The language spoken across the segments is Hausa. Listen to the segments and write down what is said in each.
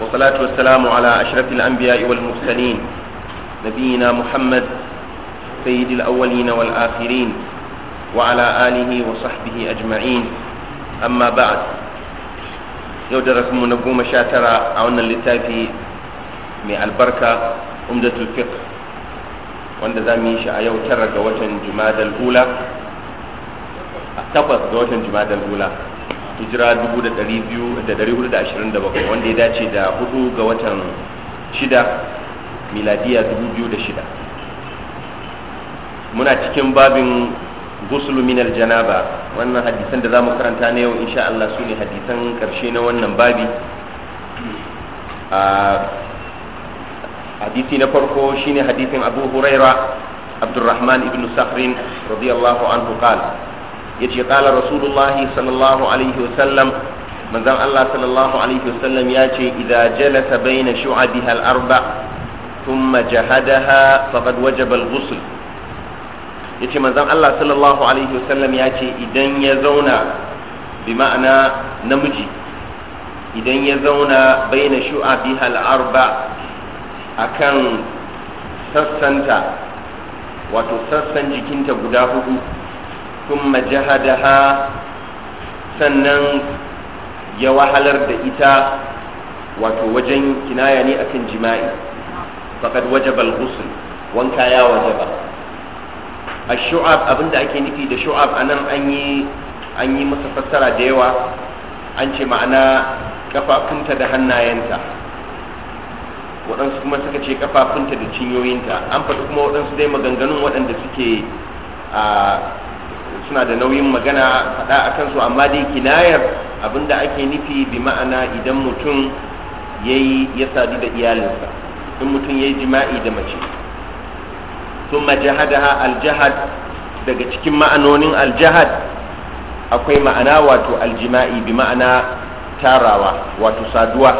والصلاة والسلام على أشرف الأنبياء والمرسلين نبينا محمد سيد الأولين والآخرين وعلى آله وصحبه أجمعين أما بعد يودركم نقوم شاترا عون اللتافي من البركة أمدة الفقه wanda za mu yi shi a yau tara ga watan جماد hula takwas ga watan jumadal hula hijira 2427 wanda ya dace da 4 ga watan shida miladiya 2006 muna cikin babin gusulu minal janaba wannan hadisan da za mu karanta na yau insha Allah su ne hadisan karshe na wannan babi hadisi na farko shine hadisin Abu Huraira Abdurrahman ibn Sakhrin radiyallahu anhu qala yace qala rasulullahi sallallahu alaihi wasallam manzon Allah sallallahu alaihi wasallam ce idan jalasa baina shu'abiha al-arba thumma jahadaha faqad wajaba al-ghusl yace manzon Allah sallallahu alaihi wasallam ce idan ya zauna bi ma'ana namiji idan ya zauna baina shu'abiha al-arba akan sassanta wato sassan jikinta guda hudu ثم جهدها sannan ya wahalar da ita wato wajen kinaya ne akan jima'i faqad wajaba al-ghusl wanka ya wajaba ash-shu'ab abinda ake nufi da shu'ab anan an yi an yi masa fassara da yawa an ce ma'ana kafafunta da hannayenta waɗansu kuma suka ce kafafunta da cinyoyinta an faɗi kuma waɗansu dai maganganun waɗanda suke a suna da nauyin magana faɗa a kansu amma dai kinayar abinda ake nufi bi ma'ana idan mutum yayi ya sadu da iyalinsa in mutum ya yi jima'i da mace thumma jahadaha aljahad daga cikin ma'anonin aljahad akwai ma'ana wato aljima'i bi ma'ana tarawa wato saduwa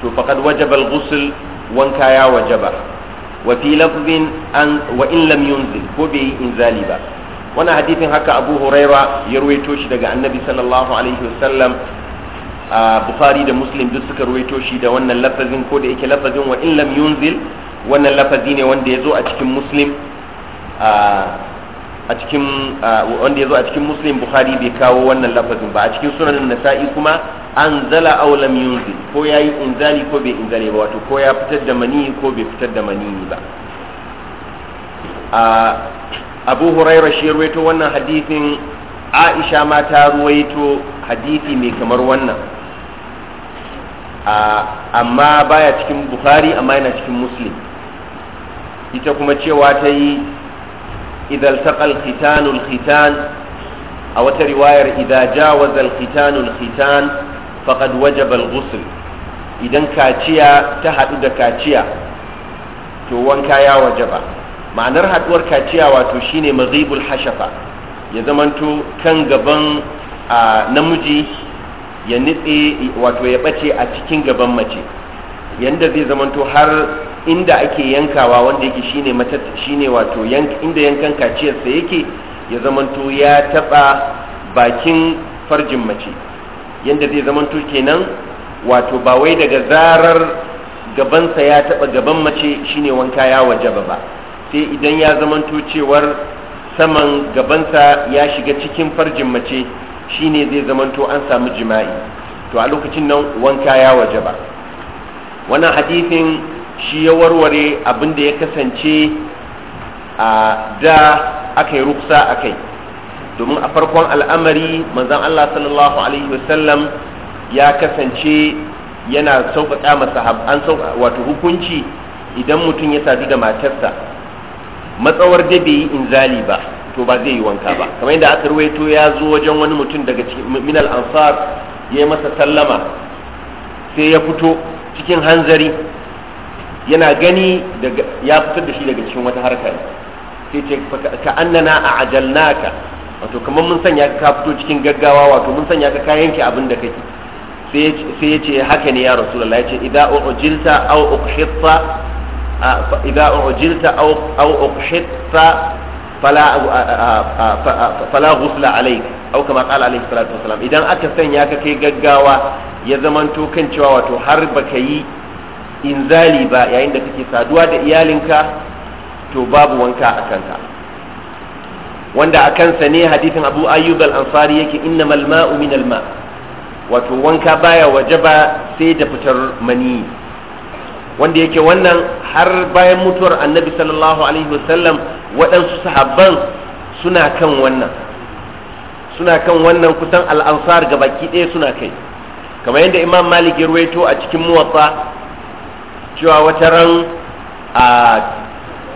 to faqad wajaba alghusl wanka ya wajaba wa fi lafzin an wa in lam yunzil ko bai inzali ba wannan hadithin haka abu huraira ya ruwaito shi daga annabi sallallahu alaihi wasallam bukhari da muslim duk suka ruwaito shi da wannan lafazin ko da yake lafazin wa in lam yunzil wannan lafazi ne wanda ya zo a cikin muslim a cikin wanda ya zo a cikin muslim bukhari bai kawo wannan lafazin ba a cikin sunan nasa'i kuma an zala aw lam yunzil ko yayi inzali ko bai inzali ba wato ko ya fitar da mani ko bai fitar da mani ba abu huraira shi ruwaito wannan hadithin aisha ma ta ruwaito hadithi mai kamar wannan amma baya cikin bukhari amma yana cikin muslim ita kuma cewa ta yi idan taƙal khitanul khitan a wata riwayar idan jawazal khitanul khitan faqad wajaba ghusl idan kaciya ta haɗu da kaciya to wanka ya wajaba ma'anar haduwar kaciya wato shine mazibul hashafa ya zamanto kan gaban namiji ya nitse wato ya bace a cikin gaban mace yanda zai zamanto har inda ake yankawa wanda yake shine shine wato inda yankan kaciyarsa yake ya zamanto ya taba bakin farjin mace yanda zai zamanto kenan wato ba wai daga zarar gabansa ya taba gaban mace shine wanka ya wajaba ba sai idan ya zamanto cewar saman gabansa ya shiga cikin farjin mace shine zai zamanto an samu jima'i to a lokacin nan wanka ya waje ba wannan hadithin shi ya warware abinda ya kasance a da aka yi ruksa a kai domin a farkon al'amari manzan Allah sallallahu alaihi wasallam ya kasance yana sauƙaƙa masa wato hukunci idan mutum ya sadu da matarsa matsawar dai bai yi inzali ba to ba zai yi wanka ba kamar yadda aka ruwaito ya zo wajen wani mutum daga minal ansar ya yi masa sallama sai ya fito cikin hanzari yana gani ya fitar da shi daga cikin wata harka sai ce ka annana a ajalnaka wato kamar mun sanya ka fito cikin gaggawa wato mun sanya ka kayan yanke abin da kake sai ya ce haka ne ya rasulullah ya ce idan ujilta aw ukhitta إذا أعجلت أو أو أقشطت فلا فلا غسل عليك أو كما قال عليه الصلاة والسلام إذا أكثر ياك كي جعوا يزمن تو كن شوا وتو حرب كي inzali ba yayin da kake saduwa da iyalinka to babu wanka a kanka wanda a kansa ne hadithin abu ayyub al-ansari yake innamal ma'u min al-ma wato wanka baya wajaba sai da fitar mani wanda yake wannan har bayan mutuwar annabi sallallahu alaihi wasallam waɗansu sahabban suna kan wannan suna kan wannan kusan al'ansar ga baki ɗaya suna kai kamar yadda imam malik ya ruwaito a cikin muwatsa cewa wataran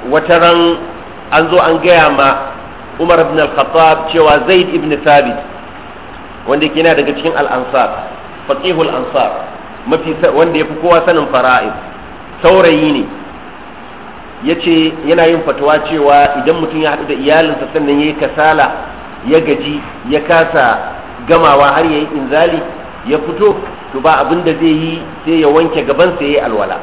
a an zo an gaya ma umar ibn al-khattab cewa zaid ibn thabit wanda yake yana daga cikin al'ansar ansar faqihul ansar mafi wanda yafi kowa sanin fara'id saurayi ne ya ce yana yin fatawa cewa idan mutum ya haɗu da iyalinsa sannan ya yi kasala ya gaji ya kasa gamawa har ya yi inzali ya fito to ba abin da zai yi sai ya wanke gabansa ya yi alwala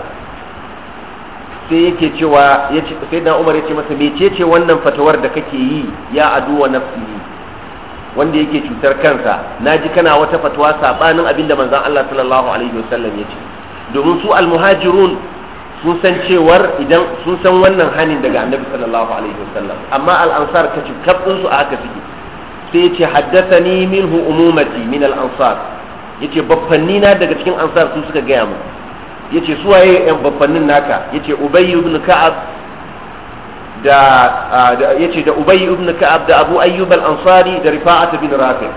sai yake cewa sai dan umar ya ce masa ce wannan fatawar da kake yi ya aduwa nafsihi wanda yake cutar kansa na ji kana wata fatawa sabanin abin da manzon Allah sallallahu alaihi wasallam ya ce domin su almuhajirun sun san cewar idan sun san wannan hanin daga annabi sallallahu alaihi wasallam amma al-ansar ta ci su a haka suke sai yace haddathani minhu umumati min al-ansar yace baffanni na daga cikin ansar su suka gaya mu yace su waye yan baffannin naka yace ubay ibn ka'ab da yace da ubay ibn ka'ab da abu ayyub al-ansari da rifa'at bin rafi'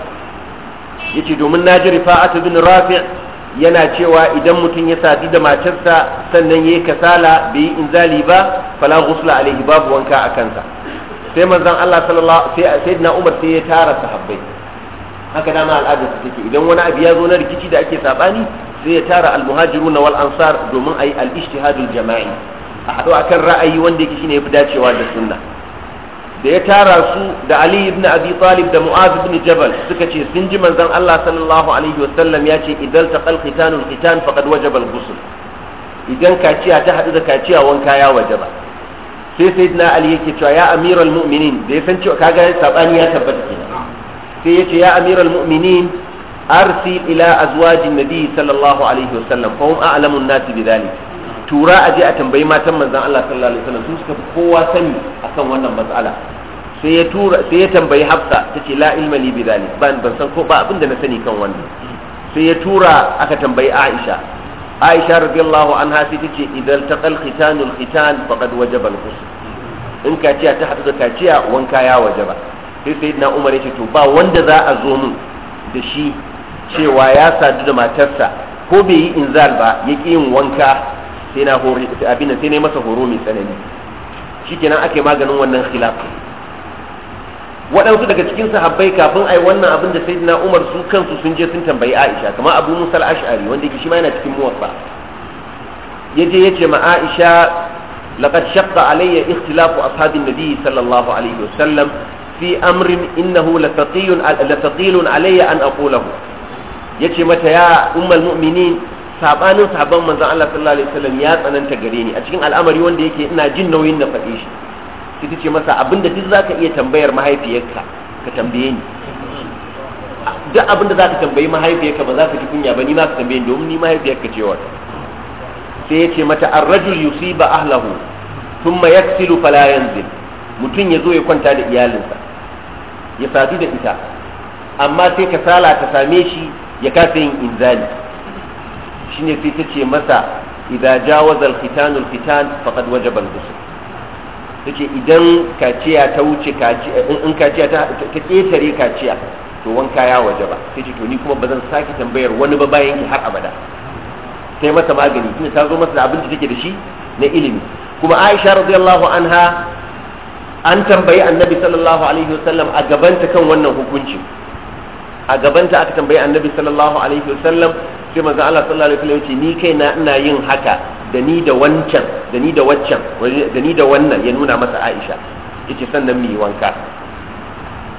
yace domin naji rifa'at bin rafi' yana cewa idan mutum ya sadu da matarsa sannan yayi kasala bai yi inzali ba fala ghusla alaihi babu wanka a kansa sai manzon Allah sallallahu sai sayyidina Umar sai ya tara sahabbai haka dama al'adar su take idan wani abu ya zo na rikici da ake sabani sai ya tara al-muhajiruna wal ansar domin ayi al-ijtihadul jama'i a haɗu akan ra'ayi wanda yake shine yafi dacewa da sunna da ya tara su da Ali ibn Abi Talib da Mu'az ibn Jabal suka ce sun ji manzon Allah sallallahu alaihi wa sallam ya ce idan taqal qitanul qitan faqad wajaba al-ghusl idan kaciya ta hadu da kaciya wanka ya wajaba sai sayyidina Ali yake cewa ya amiral mu'minin da ya san cewa kaga sabani ya tabbata kenan sai yace ya amiral mu'minin arsil ila azwajin nabi sallallahu alaihi wa wasallam fa hum a'lamun nasi bidhalik tura a je a tambayi matan manzan Allah sallallahu alaihi wasallam su suka kowa sani akan wannan matsala sai ya tura sai ya tambayi Hafsa tace la ilma li bidhalik ban ban san ko ba abin da na sani kan wannan sai ya tura aka tambayi Aisha Aisha radiyallahu anha sai tace idan taqal khitanul khitan faqad wajaba al-ghusl in kaciya ta hadu da kaciya wanka ya wajaba sai sayyidina Umar ya ce to ba wanda za a zo mun da shi cewa ya sadu da matarsa ko bai yi inzal ba ya yin wanka sai na hori abin sai ne masa horo mai tsanani shi shikenan ake maganin wannan khilaf waɗansu daga cikin sahabbai kafin ai wannan abin da sayyidina Umar su kansu sun je sun tambayi Aisha kamar Abu Musa al-Ash'ari wanda yake shi ma yana cikin muwaffa yaje yace ma Aisha laqad shaqqa alayya ikhtilafu ashabin nabi sallallahu alaihi wasallam fi amrin innahu lataqiyun lataqilun alayya an aqulahu yace mata ya ummul mu'minin sabanin sahabban manzon Allah sallallahu alaihi wasallam ya tsananta gare ni a cikin al'amari wanda yake ina jin nauyin na faɗe shi sai ta ce masa abinda duk zaka iya tambayar mahaifiyarka ka tambaye ni duk abinda zaka tambayi mahaifiyarka ba za ka ji kunya ba ni ma ka tambaye ni domin ni mahaifiyarka ce wata sai ya ce mata ar-rajul yusiba ahlahu thumma yaksilu fala yanzil mutum ya zo ya kwanta da iyalinsa ya sadu da ita amma sai ka sala ta same shi ya kasa yin inzali shine sai ta ce masa idza jawaza al-khitan al-khitan faqad wajaba al-ghusl tace idan kaciya ta wuce kaciya in kaciya ta ta ketare kaciya to wanka ya wajaba tace to ni kuma bazan sake tambayar wani ba bayan ki har abada sai masa magani tunda ta zo masa abin da take da shi na ilimi kuma Aisha radiyallahu anha an tambayi annabi sallallahu alaihi wasallam a gabanta kan wannan hukunci a gabanta aka tambayi annabi sallallahu alaihi wasallam sai manzo Allah sallallahu alaihi wasallam ya ce ni kaina ina yin haka da ni da wancan da ni da waccan da ni da wannan ya nuna masa Aisha yace sannan mi yi wanka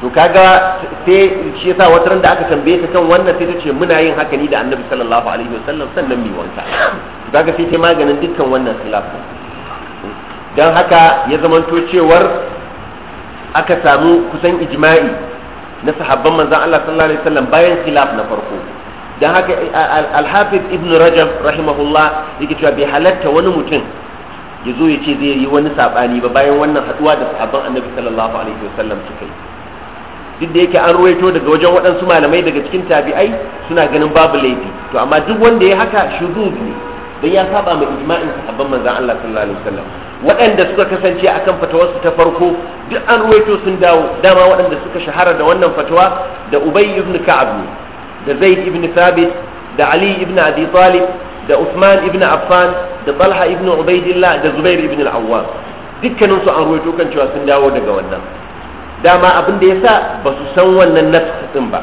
to kaga sai shi yasa wata ran da aka tambaye ta kan wannan sai ta ce muna yin haka ni da Annabi sallallahu alaihi wasallam sannan mi wanka kaga sai ta maganin dukkan wannan khilafin dan haka ya zamanto cewar aka samu kusan ijma'i na sahabban manzon Allah sallallahu alaihi wasallam bayan khilaf na farko dan haka eh, al-hafiz ibn rajab rahimahullah yake cewa bai halatta wani mutum ya zo ya ce zai yi wani sabani ba bayan wannan haduwa da sahabban annabi sallallahu alaihi wasallam suka yi duk da yake an ruwaito daga wajen waɗansu malamai daga cikin tabi'ai suna ganin babu laifi to amma duk wanda ya haka shudud ne dan ya saba ma ijma'in sahabban manzon Allah sallallahu alaihi wasallam waɗanda suka kasance akan fatawarsu ta farko duk an ruwaito sun dawo dama waɗanda suka shahara da wannan fatawa da Ubay ibn Ka'ab da zaid ibn thabit da ali ibn abi talib da usman ibn affan da talha ibn ubaidillah da zubair ibn al-awwam dukkanin su an ruwaito kan cewa sun dawo daga wannan dama abin da yasa ba su san wannan nafs din ba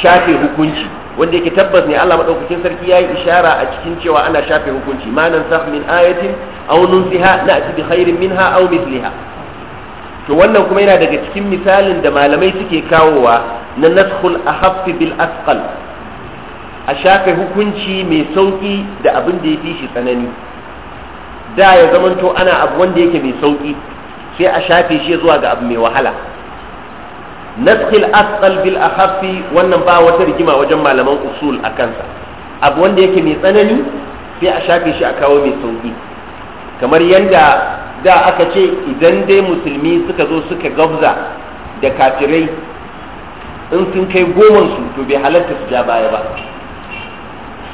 shafe hukunci wanda yake tabbas ne Allah madaukakin sarki yayi ishara a cikin cewa ana shafe hukunci Manan sahmin ayatin aw nunsiha na'ti bi khairin minha aw mithliha to wannan kuma yana daga cikin misalin da malamai suke kawowa na naskhul ahaffi bil asqal a shafe hukunci mai sauki da abin da ya fi shi tsanani da ya zamanto ana abu wanda yake mai sauki sai a shafe shi zuwa ga abu mai wahala naskhul asqal bil ahaffi wannan ba wata rigima wajen malaman usul a kansa abu wanda yake mai tsanani sai a shafe shi a kawo mai sauki kamar yanda da aka ce idan dai musulmi suka zo suka gabza da kafirai in sun kai gomansu to bai halatta su ja baya ba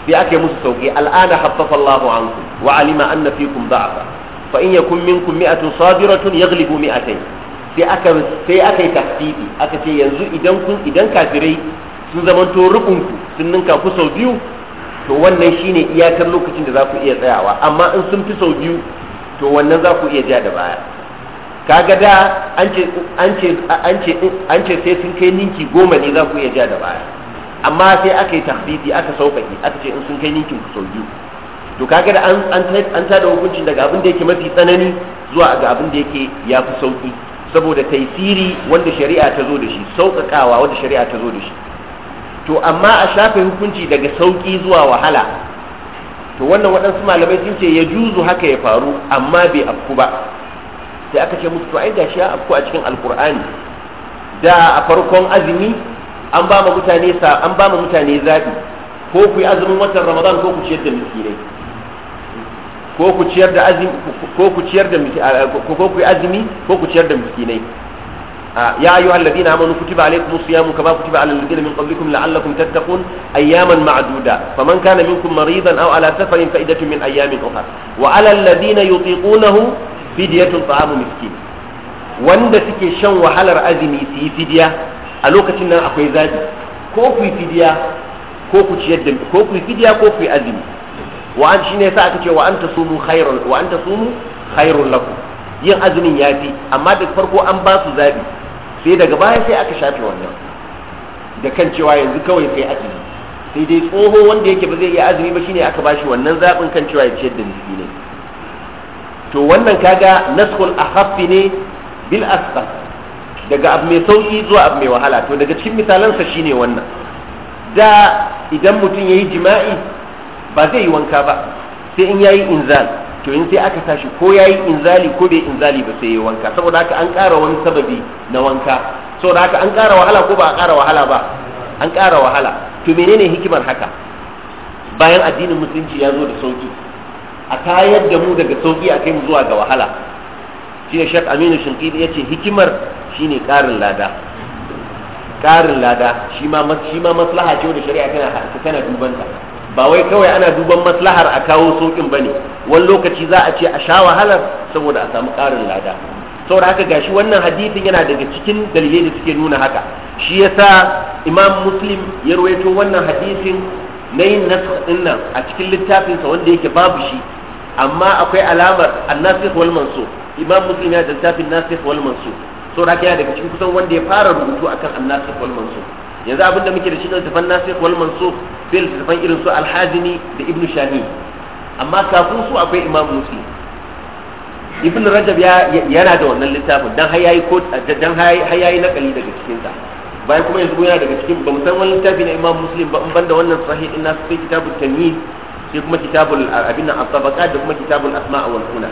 bi aka musu sauki al'ana haffafa Allahu anku wa alima anna fikum da'afa fa in yakun minkum mi'atun sabiratun yaghlibu mi'atayn sai aka sai aka yi tasdidi aka ce yanzu idan kun idan kafirai sun to rukun ku sun ninka ku sau biyu to wannan shine iyakar lokacin da za ku iya tsayawa amma in sun fi sau biyu to wannan za ku iya ja da baya kaga da an ce sai sun kai ninki goma ne za ku iya ja da baya amma sai aka yi tahbidi aka sauƙaƙe aka ce in sun kai ninkin ku sau biyu to kaga da an tada hukuncin daga abin da yake mafi tsanani zuwa ga abin da yake ya fi sauƙi saboda taisiri wanda shari'a ta zo da shi sauƙaƙawa wanda shari'a ta zo da shi to amma a shafe hukunci daga sauƙi zuwa wahala to wannan waɗansu malamai sun ce ya juzu haka ya faru amma bai afku ba sai aka ce musu to ai gashi ya afku a cikin alkur'ani da a farkon azumi an ba mutane sa an ba mutane zabi ko ku yi azumin watan ramadan ko ku ciyar da miskinai ko ku ciyar da azumi ko ku ciyar da ko ku yi azumi ko ku ciyar da miskinai يا أيها الذين آمنوا كتب عليكم الصيام كما كتب على الذين من قبلكم لعلكم تتقون أياما معدودة فمن كان منكم مريضا أو على سفر فإدة من أيام أخرى وعلى الذين يطيقونه فدية طعام مسكين wanda suke shan wahalar azumi su yi fidiya a lokacin nan akwai zabi ko ku yi fidiya ko ku ciyar da ko ku yi fidiya ko ku yi azumi wa an shine yasa aka ce wa anta sumu khairun wa anta sumu khairun lakum yin azumin yafi amma da farko an ba su zabi sai daga baya sai aka shafe wannan da kan cewa yanzu kawai sai azumi sai dai tsoho wanda yake ba zai iya azumi ba shine aka bashi wannan zaɓin kan cewa ya ciyar da ne to wannan kaga naskul ahaffi ne bil asfal daga abu mai sauki zuwa abu mai wahala to daga cikin misalansa shine wannan da idan mutum ya yi jima'i ba zai yi wanka ba sai in ya yi inzal to in sai aka tashi ko yayi inzali ko bai inzali ba sai yayi wanka saboda haka an ƙara wani sababi na wanka saboda haka an ƙara wahala ko ba a ƙara wahala ba an ƙara wahala to menene hikimar haka bayan addinin musulunci ya zo da sauki a tayar da mu daga sauki a kai mu zuwa ga wahala shi ne shek aminu shinkidi ya ce hikimar shine ƙarin lada ƙarin lada shi ma maslaha ce da shari'a tana dubanta ba wai kawai ana duban maslahar a kawo saukin bane wani lokaci za a ce a sha wahalar saboda a samu karin lada saboda haka gashi wannan hadisin yana daga cikin dalilai da suke nuna haka shi yasa imam muslim ya rawaito wannan hadisin na yin nasakh din nan a cikin littafinsa wanda yake babu shi amma akwai alamar annasikh wal mansu imam muslim ya da littafin nasikh wal mansu saboda haka yana daga cikin kusan wanda ya fara rubutu akan annasikh wal mansu yanzu abinda muke da shi da tafan nasikh wal mansukh fil tafan irin su al da ibnu shami amma kafin su akwai imam muslim ibn rajab yana da wannan littafin dan hayayi yayi ko dan har nakali daga cikin sa bayan kuma yanzu yana daga cikin bamu san wani littafi na imam muslim ba in banda wannan sahih din nasu sai kitabul tamyiz sai kuma kitabul abin nan at da kuma kitabul asma' wal sunna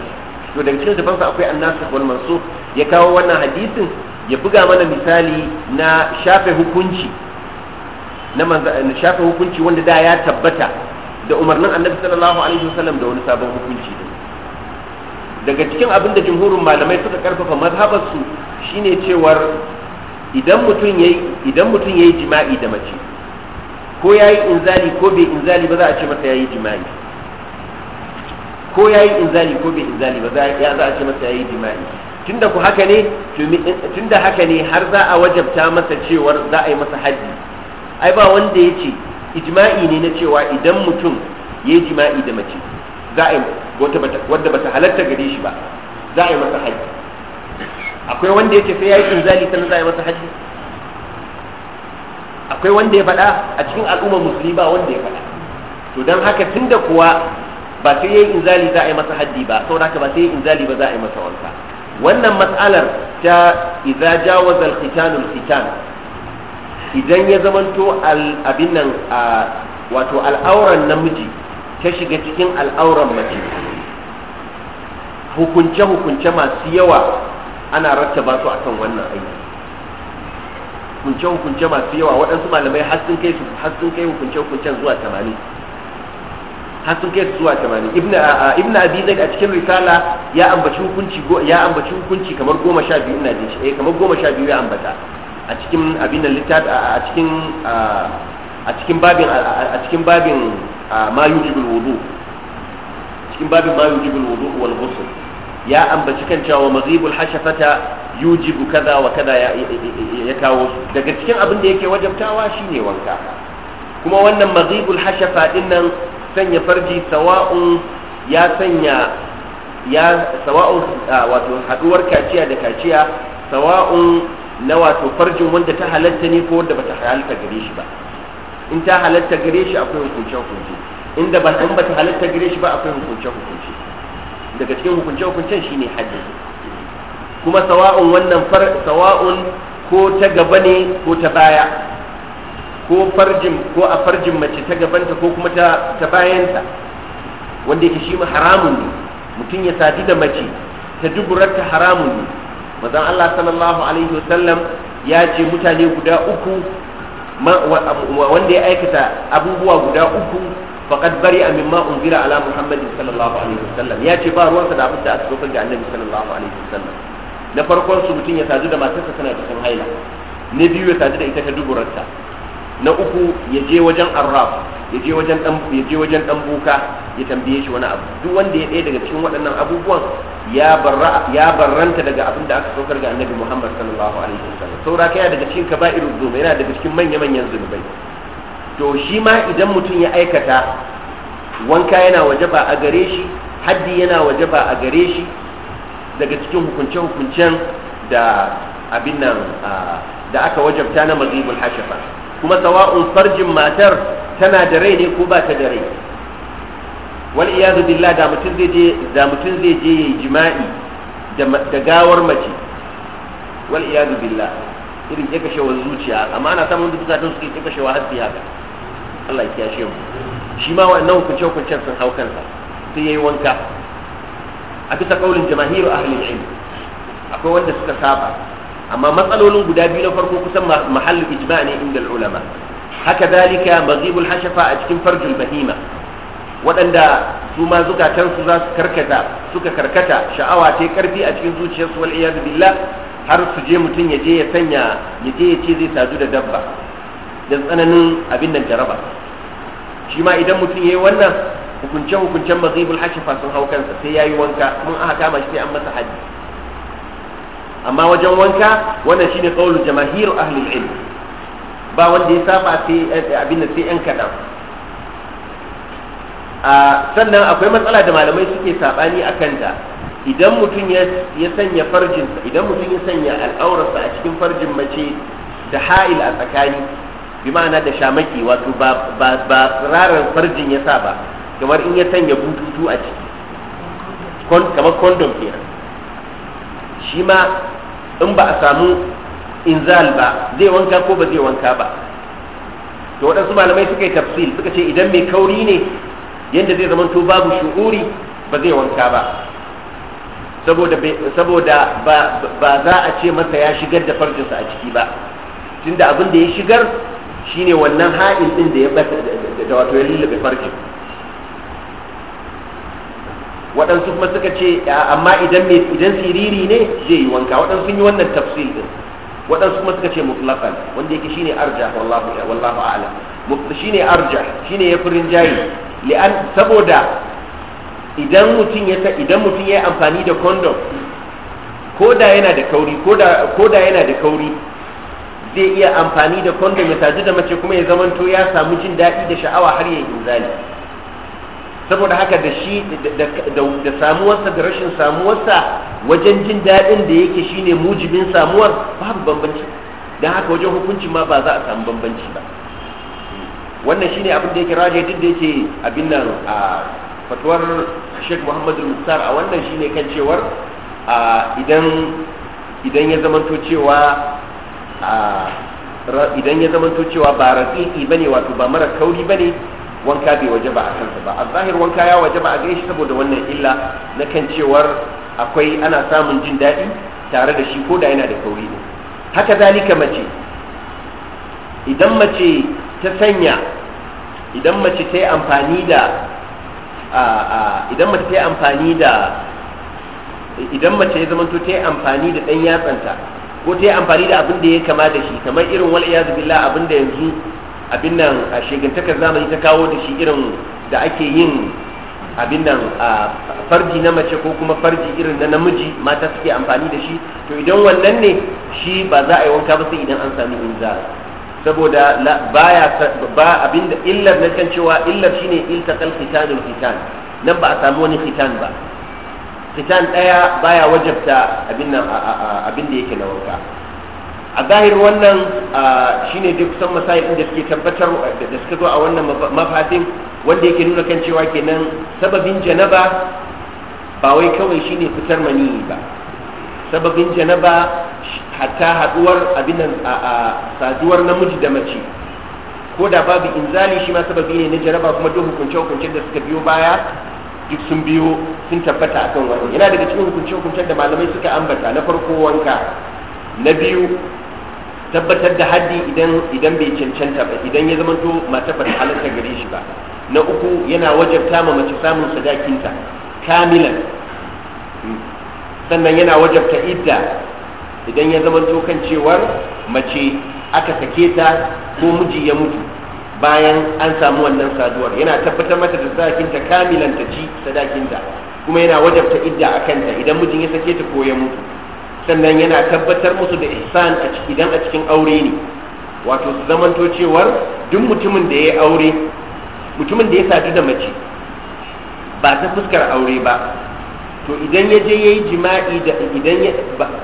to daga cikin tafan sa akwai an-nasikh wal mansukh ya kawo wannan hadisin ya buga mana misali na shafe hukunci na shafe hukunci wanda da ya tabbata da umarnin annabi sallallahu alaihi wasallam da wani sabon hukunci daga cikin abin da jumhurin malamai suka karfafa mazhabarsu shine cewar idan mutum yayi idan mutum yayi jima'i da mace ko yayi inzali ko bai inzali ba za a ce masa yayi jima'i ko yayi inzali ko bai inzali ba za a ce masa yayi jima'i tunda ku haka ne eh, tunda haka ne har za a wajabta masa cewar za a yi masa haji ai ba wanda ya ce ijma'i ne na cewa idan mutum ya yi jima'i da mace za a yi wadda bata halatta gare shi ba za a yi masa haji akwai wanda ya ce sai ya yi inzali sannan za a yi masa haji akwai wanda ya faɗa a cikin al'ummar musulmi ba wanda ya faɗa to don haka tunda kuwa ba sai ya yi inzali za a yi masa haji ba saboda ba sai ya yi inzali ba za a yi masa wanka wannan matsalar ta idza jawaza al-khitan al-khitan idan ya zamanto abin nan wato al'auran namiji ta shiga cikin al'auran mace hukunce hukunce masu yawa ana rattaba su akan wannan aiki hukunce hukunce masu yawa waɗansu malamai har sun kai hukunce hukuncen zuwa 80 har sun kai zuwa 80 ibn ibn abi zaid a cikin risala ya ambaci hukunci ya ambaci hukunci kamar 12 ina jin eh kamar 12 ya ambata a cikin abin nan littafi a cikin a cikin babin a cikin babin ma yujibul wudu cikin babin ma yujibul wudu wal ghusl ya ambaci kan cewa mazibul hashafata yujibu kaza wa kaza ya kawo su daga cikin abin da yake wajabtawa shine wanka kuma wannan mazibul hashafa din nan sanya farji sawa'un ya sanya ya sawa'un ah, wato haduwar kaciya da kaciya sawa'un na wato farjin wanda ta halatta ne ko wanda bata halatta gare shi ba in ta halatta gare shi akwai hukunce hukunce inda ba in bata halatta gare shi ba akwai hukunce hukunce daga cikin hukunce hukuncen shine hajji kuma sawa'un wannan far sawa'un ko ta gaba ne ko ta baya ko farjin ko a farjin mace ta gabanta ko kuma ta ta bayanta wanda yake shi haramun ne mutum ya sadu da mace ta duburarta haramun ne mazan Allah sallallahu alaihi wa sallam ya ce mutane guda uku wanda ya aikata abubuwa guda uku faqad bari min ma unzira ala muhammad sallallahu alaihi wa sallam ya ce ba ruwansa da abin da aka saukar da annabi sallallahu alaihi wa sallam na farkon su mutum ya sadu da matarsa tana cikin haila na biyu ya sadu da ita ta duburarta na uku ya je wajen arraf ya je wajen dan ya je wajen dan buka ya tambaye shi wani abu duk wanda ya daya daga cikin waɗannan abubuwan ya barra ya barranta daga abin da aka saukar ga annabi Muhammad sallallahu alaihi wasallam saura kai daga cikin kaba'irul dhunub yana daga cikin manya-manyan zunubai to shi ma idan mutum ya aikata wanka yana wajaba a gare shi haddi yana wajaba a gare shi daga cikin hukunce-hukuncen da abin nan ah, da aka wajabta na mazibul hashafa kuma sawa'un farjin matar tana da rai ne ko ba ta da rai wal iyadu billah da mutum zai je da mutum zai je yayi jima'i da gawar mace wal iyadu billah irin yake shawar zuciya amma ana samun duk sa suke yake kashe wa hasi haka Allah ya kiyashe mu shi ma wannan hukunce hukuncen sun hau kansa sai yayi wanka a bisa kaulin jamaahiru ahli ilm akwai wanda suka saba amma matsalolin guda biyu na farko kusan mahallu ijma ne inda ulama haka dalika maghibul hashafa a cikin farjul bahima waɗanda su ma zukatansu za su karkata suka karkata sha'awa ta karfi a cikin zuciyarsu wal iyadu billah har su je mutum ya je ya sanya ya je ya ce zai sadu da dabba da tsananin abin nan jaraba shi ma idan mutum ya yi wannan hukunce hukuncen maghibul hashafa sun hau kansa sai ya yi wanka mun aka kama shi sai an masa hajji amma wajen wanka wannan shine qaulul jamahir ahli ilm ba wanda ya saba sai eh, abin sai yan kadan a sannan akwai matsala da malamai suke sabani akan ta idan mutum ya sanya farjin idan mutum ya sanya al'aurarsa a cikin farjin mace da ha'il a tsakani bi ma'ana da shamaki wato ba ba tsirarar farjin ya sa ba kamar in ya sanya bututu a ciki kamar kondom kenan shi ma in ba a samu inzal ba zai wanka ko ba zai wanka ba to waɗansu malamai suka yi tafsil suka ce idan mai kauri ne yadda zai zama to babu shu'uri ba zai wanka ba saboda ba za a ce masa ya shigar da farjinsa a ciki ba tunda abin da ya shigar shine wannan ha'il ɗin da ya wato ya lullube farjinsa waɗansu kuma suka ce amma idan mai idan siriri ne zai yi wanka waɗansu sun yi wannan tafsir din waɗansu kuma suka ce mutlaqan wanda yake shine arja wallahu wallahu a'lam shine arja shine yafi rinjaye li'an saboda idan mutum ya idan mutum ya amfani da condom ko da yana da kauri ko da yana da kauri zai iya amfani da condom ya saji da mace kuma ya zamanto ya samu jin daɗi da sha'awa har ya yi inzali saboda haka da shi da samuwarsa da rashin samuwarsa wajen jin daɗin da yake shine mujibin samuwar babu bambanci don haka wajen hukunci ma ba za a samu bambanci ba wannan shine abin da yake raje duk da yake abin nan a fatuwar Sheikh Muhammad Mustar a wannan shine kan cewar idan ya zamanto cewa idan ya zamanto cewa ba raƙiƙi bane wato ba mara kauri bane wanka bai waje ba a kansa ba zahir wanka ya waje ba a gaishi saboda wannan illa na kan cewar akwai ana samun jin daɗi tare da shi ko da yana da kauri ne haka zalika mace idan mace ta sanya idan mace ta yi amfani da idan mace ta yi amfani da idan mace ya zamanto ta yi amfani da ɗan yatsanta ko ta yi amfani da abin da ya kama da shi kamar irin wal iyazu billah abin da yanzu abin nan a shegantakar zamani ta kawo da shi irin da ake yin abin nan a farji na mace ko kuma farji irin na namiji mata suke amfani da shi to idan wannan ne shi ba za a yi wanka ba sai idan an sami inza saboda baya ba abin da illar na kan cewa illar shine iltaqal khitanul khitan nan ba a samu wani khitan ba khitan daya baya wajabta abin nan abin da yake na wanka a zahir wannan shine duk san masayi da suke tabbatar da suka zo a wannan mafafin wanda yake nuna kan cewa kenan sababin janaba ba wai kawai shine fitar maniyi ba sababin janaba hatta haduwar abinan a saduwar namiji da mace ko da babu inzali shi ma sababi ne na janaba kuma duk hukunce hukunce da suka biyo baya duk sun biyo sun tabbata akan wannan yana daga cikin hukunce hukuncen da malamai suka ambata na farko wanka na biyu tabbatar da haddi idan idan bai cancanta ba idan ya to mata ba halatta gare shi ba na uku yana wajabta ma mace samun sadakinta kamilan hmm. sannan yana wajabta idda idan ya zamanto kan cewar mace aka sake ta ko miji ya mutu bayan an samu wannan saduwar yana tabbatar mata da sadakinta kamilan ta ci sadakinta kuma yana wajabta idda a kanta idan mijin ya sake ta ko ya mutu sannan yana tabbatar musu da ihsan a ciki idan a cikin aure ne wato su zamanto cewar duk mutumin da ya aure mutumin da ya sadu da mace ba ta fuskar aure ba to idan ya je yayi jima'i da idan ya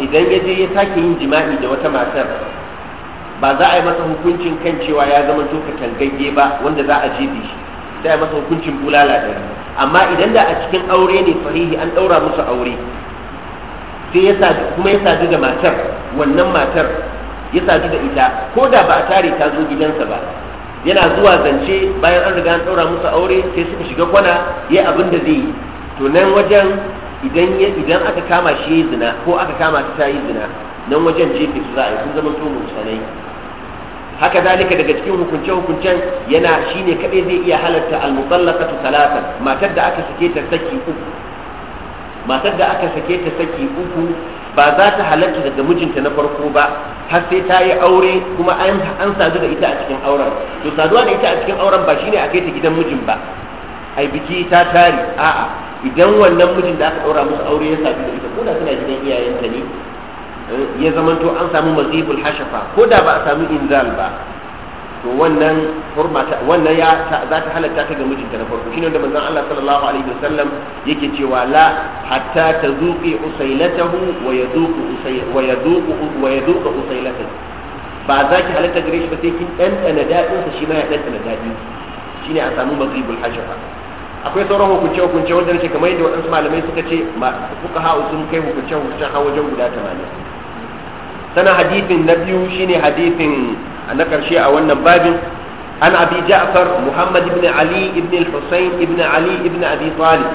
idan ya je ya sake yin jima'i da wata matar ba za a yi masa hukuncin kan cewa ya zama to katangagge ba wanda za a jefe shi sai a masa hukuncin bulala ɗari amma idan da a cikin aure ne farihi an daura musu aure sai ya sadu kuma ya sadu da matar wannan matar ya sadu da ita ko da ba a tare ta zo gidansa ba yana zuwa zance bayan an riga an ɗaura musu aure sai suka shiga kwana ya abin da zai yi to nan wajen idan idan aka kama shi ya yi zina ko aka kama ta yi zina nan wajen jefe su za a yi sun zama to musanai haka zalika daga cikin hukunce hukuncen yana shine kadai zai iya halatta al-musallaqatu salatan matar da aka sake ta saki uku matar da aka sake ta saki uku ba za ta halatta daga mijinta na farko ba har sai ta yi aure kuma an sadu da ita a cikin auren to saduwa da ita a cikin auren ba shine a kai ta gidan mijin ba ai biki ta tare a'a idan wannan mijin da aka daura musu aure ya sadu da ita ko da suna gidan iyayenta ne eh, ya zamanto an samu mazibul hashafa ko da ba a samu inzal ba to wannan hurma wannan ya za ta halatta ta ga mijinta na farko shine wanda manzon Allah sallallahu alaihi wasallam yake cewa la hatta tazuqi usailatahu wa yaduqu usay wa yaduqu wa yaduqu usailatahu ba za ki halatta gare shi ba sai kin dandana dadin sa shi ma ya dandana dadin shine a samu maghribul hajaba akwai sauran hukunce hukunce wanda nake kamar yadda wadansu malamai suka ce ma fuka ha sun kai hukunce hukunce ha wajen guda 80 sana hadithin na biyu shine hadithin na karshe a wannan babin an abi ja'far muhammad ibn ali ibn al-husayn ibn ali ibn abi talib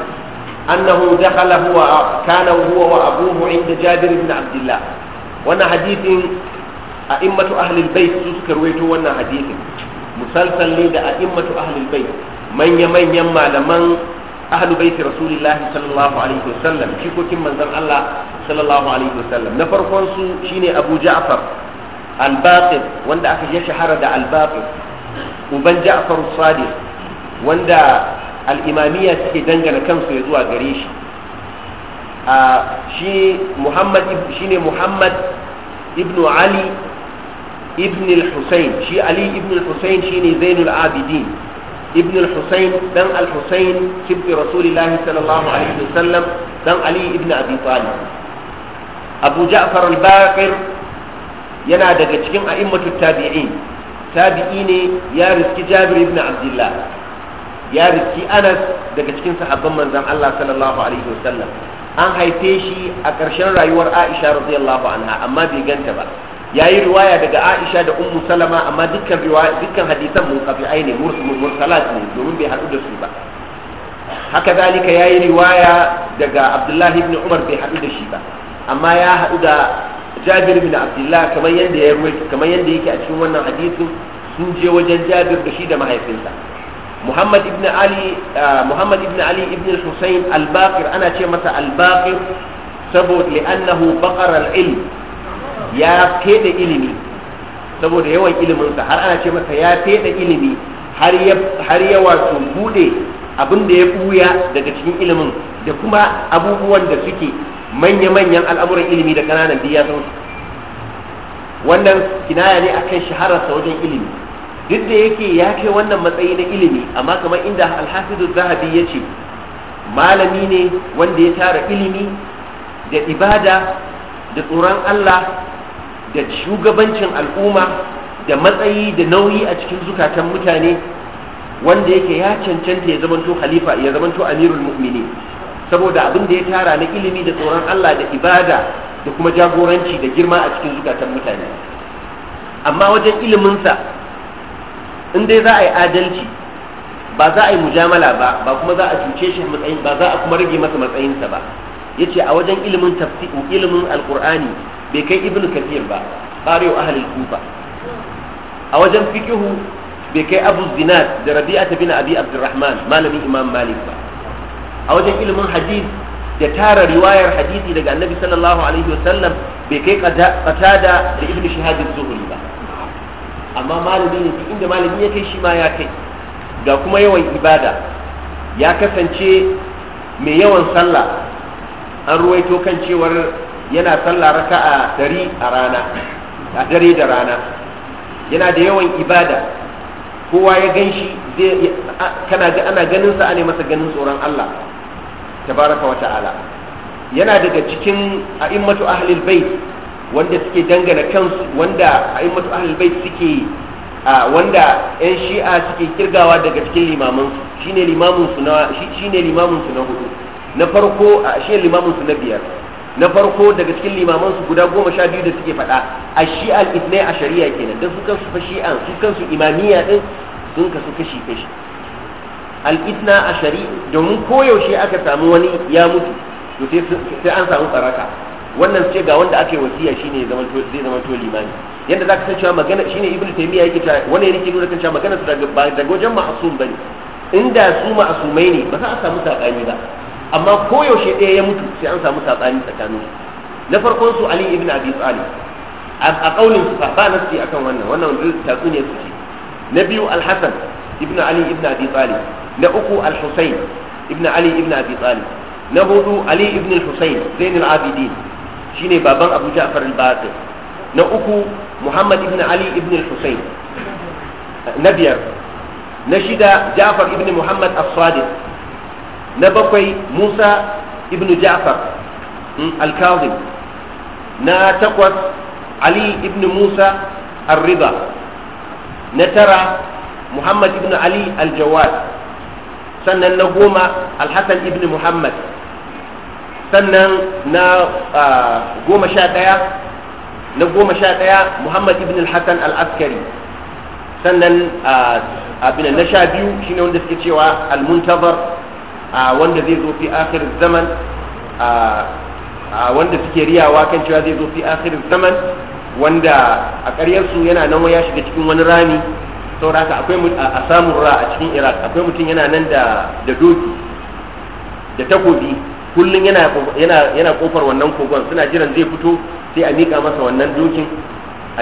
annahu dakhala huwa kana huwa wa abuhu inda jabir ibn abdullah wannan hadithin a immatu ahlul bait su suka ruwaito wannan hadithin musalsal ne da a immatu ahlul bait manya manyan malaman ahlul bait rasulullah sallallahu alaihi wasallam shikokin manzon Allah sallallahu alaihi wasallam na farkon su shine abu ja'far al wanda aka ya shahara da al uban ja'far sadiq wanda al'imamiya imamiyya suke dangana kansu ya zuwa gare shi a shi muhammad shine muhammad ibn ali ibn al-husayn shi ali ibn al-husayn shine zainul abidin ibn al-husayn dan al-husayn kibbi rasulillahi sallallahu alaihi wasallam dan ali ibn abi talib abu ja'far al-baqir yana daga cikin a'immatu tabi'in tabi'i ne ya riski jabir ibn abdullah ya riski anas daga cikin sahabban manzon Allah sallallahu alaihi wasallam an haife shi a ƙarshen rayuwar Aisha radiyallahu anha amma bai ganta ba yayi riwaya daga Aisha da Ummu Salama amma dukkan riwaya dukkan hadisan munqafi'ai ne mursalat ne domin bai haɗu da su ba haka zalika yayi riwaya daga Abdullahi ibn Umar bai haɗu da shi ba amma ya haɗu da jabir bin abdullah kamar yadda ya ruwaito kamar yadda yake a cikin wannan hadisin sun je wajen jabir da shi da mahaifinsa muhammad ibn ali ah, muhammad ibn ali ibn husayn al-baqir ana ce masa al-baqir saboda li'annahu baqara al-ilm ya fede ilimi saboda yawan iliminsa har ana ce masa ya fede ilimi har ya wato bude abin da ya buya daga cikin ilimin da kuma abubuwan da suke manya-manyan al'amuran ilimi da kananan biya sun wannan kinaya ne akan shahararsa wajen ilimi duk da yake ya kai wannan matsayi na ilimi amma kamar inda alhafizu zahabi ya ce malami ne wanda ya tara ilimi da ibada da tsoron Allah da shugabancin al'umma da matsayi da nauyi a cikin zukatan mutane wanda yake ya cancanta ya zamanto khalifa ya zamanto amirul mu'minin saboda abin da ya tara na ilimi da tsoron Allah da ibada da kuma jagoranci da girma a cikin zukatan mutane amma wajen iliminsa in dai za a yi adalci ba za a yi mujamala ba ba kuma za a cuce shi matsayin ba za a kuma rage masa matsayinsa ba yace a wajen ilimin tafsiru ilimin alqur'ani bai kai ibnu kathir ba qario ahli kufa a wajen fiqhu bai kai abu zinat da rabi'a bin abi abdurrahman malamin imam malik ba a wajen ilimin hadis da tara riwayar hadisi daga annabi sallallahu alaihi wasallam bai kai kata da ibn shahadin zuhuri ba amma malami ne duk inda malami ya kai shi ma ya kai ga kuma yawan ibada ya kasance mai yawan sallah an ruwaito kan cewar yana sallah a dari a rana a dare da rana yana da yawan ibada kowa ya gan shi kana ana ganin sa ne masa ganin tsoron Allah tabaraka wa ta'ala yana daga cikin a'immatu ahlul bait wanda suke dangana kansu wanda a'immatu ahlul bait suke wanda yan shi'a suke kirgawa daga cikin limaman shine limamun su na shine limamun su na hudu na farko shine limamun su na biyar na farko daga cikin limaman su guda goma sha biyu da suke faɗa a shi'a al a shari'a kenan dan su kansu fa shi'an su kansu imamiya din sun kasu kashi kashi al-itna ashari domin koyaushe aka samu wani ya mutu to sai an samu tsaraka wannan ce ga wanda ake wasiya shine zaman zai zama to limani yadda zaka san cewa magana shine ibn taymiya yake cewa Wani yake nuna kan cewa magana su daga daga wajen ma'asum bane inda su ma'asumai ne ba za a samu sakani ba amma koyaushe ɗaya ya mutu sai an samu sakani tsakanin na farkon su ali ibn abi talib a kaulin su ba nasi akan wannan wannan tatsuniya su ce na biyu al-hasan ibn ali ibn abi talib na uku al-husayn ibn ali ibn abi talib na hudu ali ibn al-husayn zain al-abidin shine baban abu ja'far al-baqir na uku muhammad ibn ali ibn al-husayn na biyar na shida ja'far ibn muhammad as-sadiq na bakwai musa ibn ja'far hmm, al-kazim na takwas ali ibn musa ar-riba na tara muhammad ibn ali al-jawad sannan na goma alhassan ibn muhammad sannan na ah, goma sha ɗaya na goma sha ɗaya muhammad ibn alhassan hassan al-askari sannan ah, abin na sha biyu shine wanda suke cewa al ah, wanda zai zo fi akhir zaman wanda suke riyawa kan cewa zai zo fi akhir zaman wanda a ƙaryarsu yana nan ya shiga cikin wani rami saboda haka akwai a samun ra a cikin iraq akwai mutum yana nan da doki da takobi kullum yana yana kofar wannan kogon suna jiran zai fito sai a mika masa wannan dokin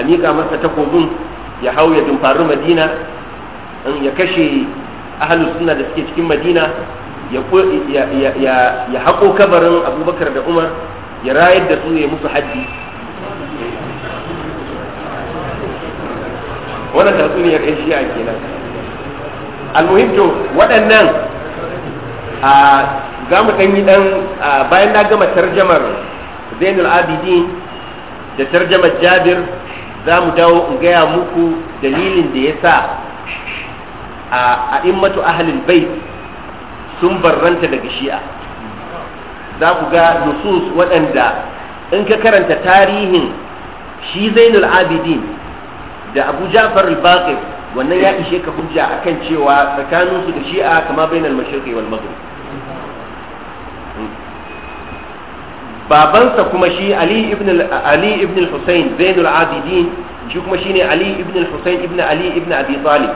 a mika masa takobin ya hau ya dumfari madina ya kashe ahalus suna da suke cikin madina ya haƙo kabarin abubakar da umar ya rayar da su ya musu haddi wannan tatsuniyar yan shi'a kenan almuhim to waɗannan a za mu ɗan yi ɗan bayan na gama tarjamar zainul abidin da tarjamar jabir za mu dawo in gaya muku dalilin da ya sa a immatu ahalin bai sun barranta daga shi'a za ku ga nusus waɗanda in ka karanta tarihin shi zainul abidin da abu ja'far al-baqir wannan ya ishe ka hujja akan cewa tsakanin su da shi'a kama bainal mashriqi wal maghrib babansa kuma shi ali ibn ali ibn al-husayn zainul abidin shi kuma shine ali ibn al-husayn ibn ali ibn abi talib